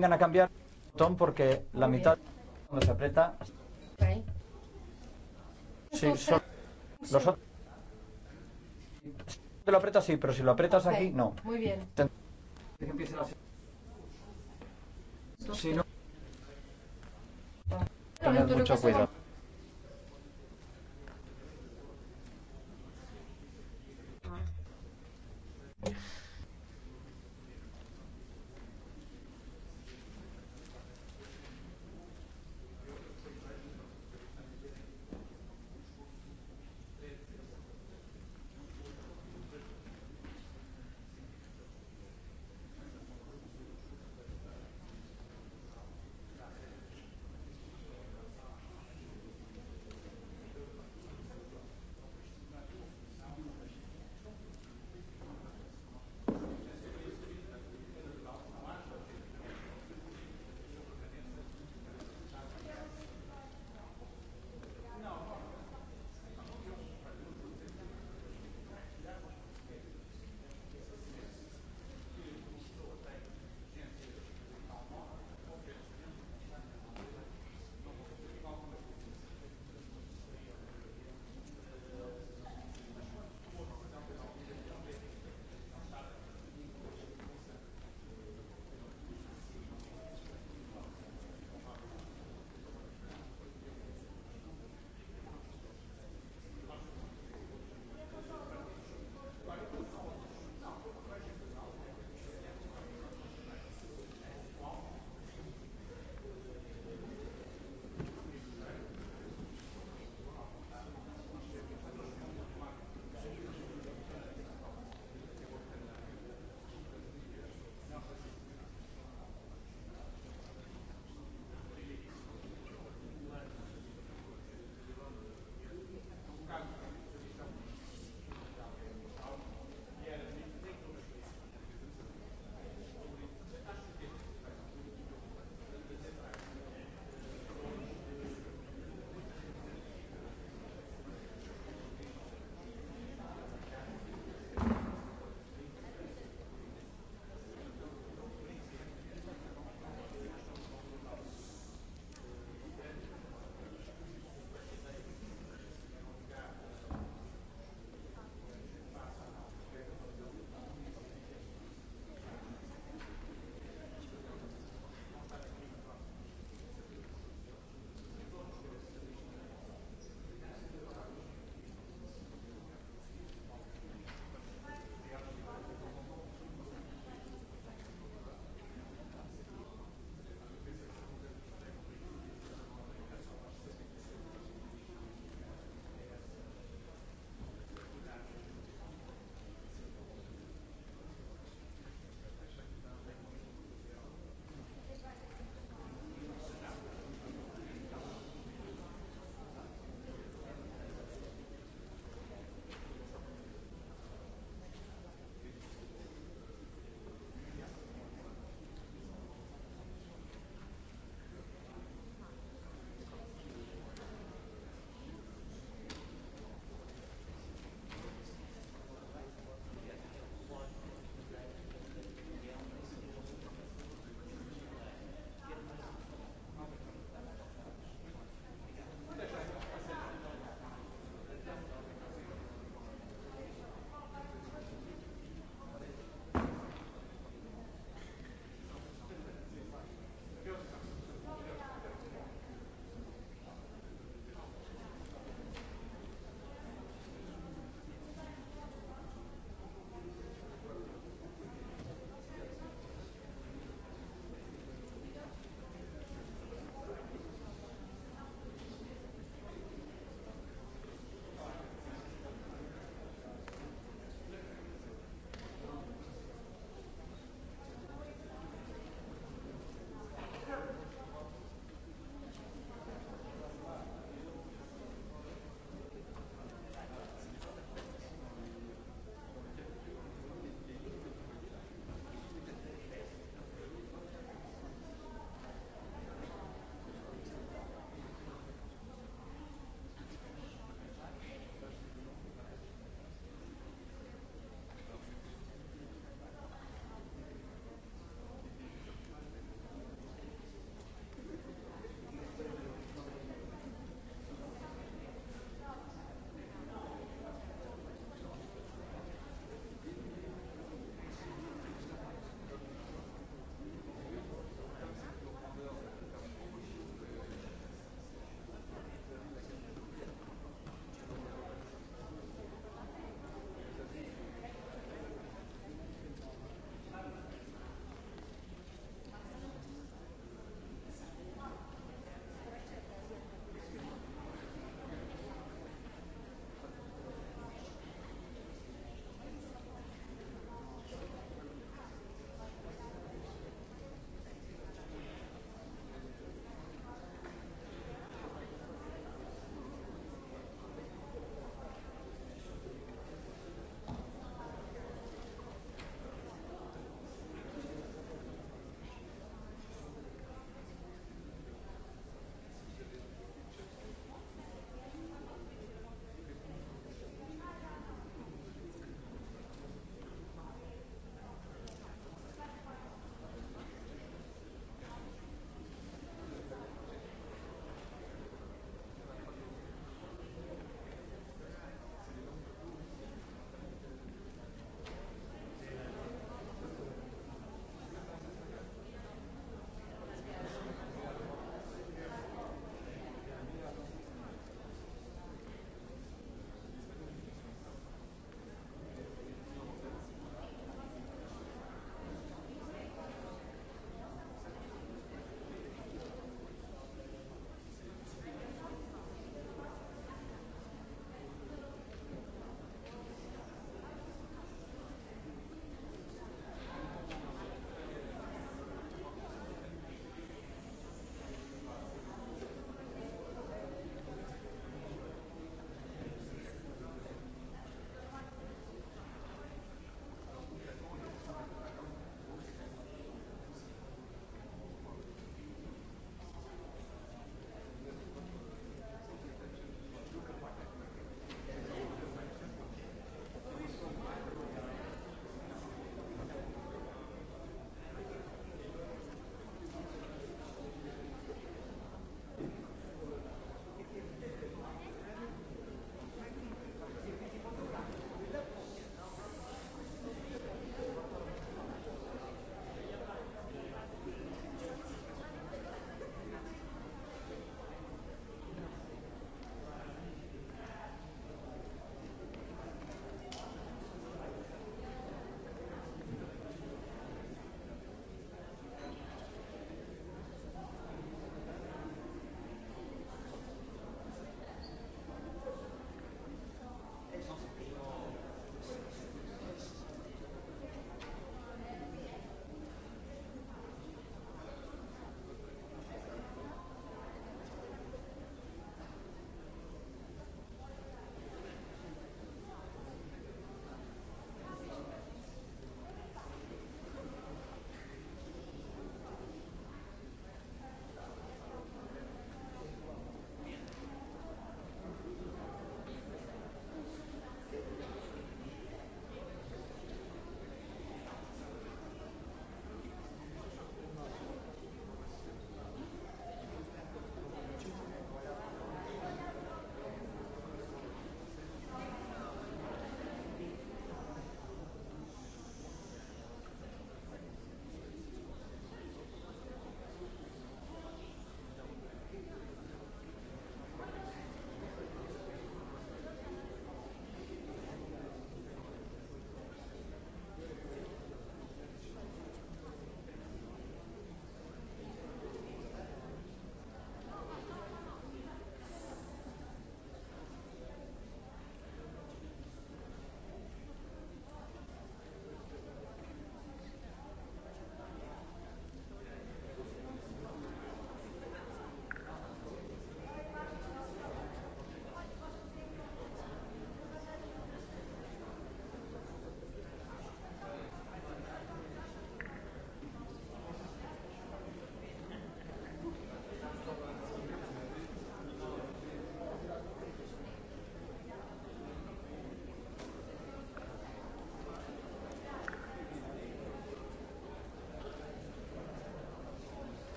vengan a cambiar el botón porque la Muy mitad bien. cuando se aprieta. Sí, son los otros. Si lo aprietas, sí, pero si lo aprietas okay. aquí, no. Muy bien. Ten... Si no. Tener mucho cuidado.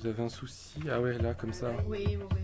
Vous avez un souci Ah ouais, là, comme ça. Oui, oui, oui.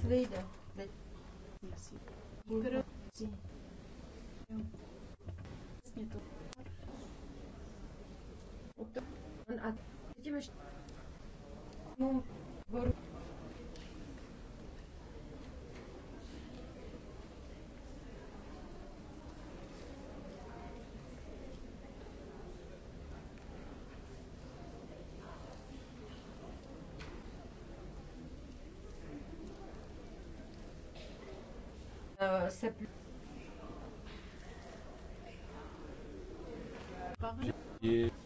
Teraz vyjde. Proti. Vlastně a teď ještě. No, se... Je...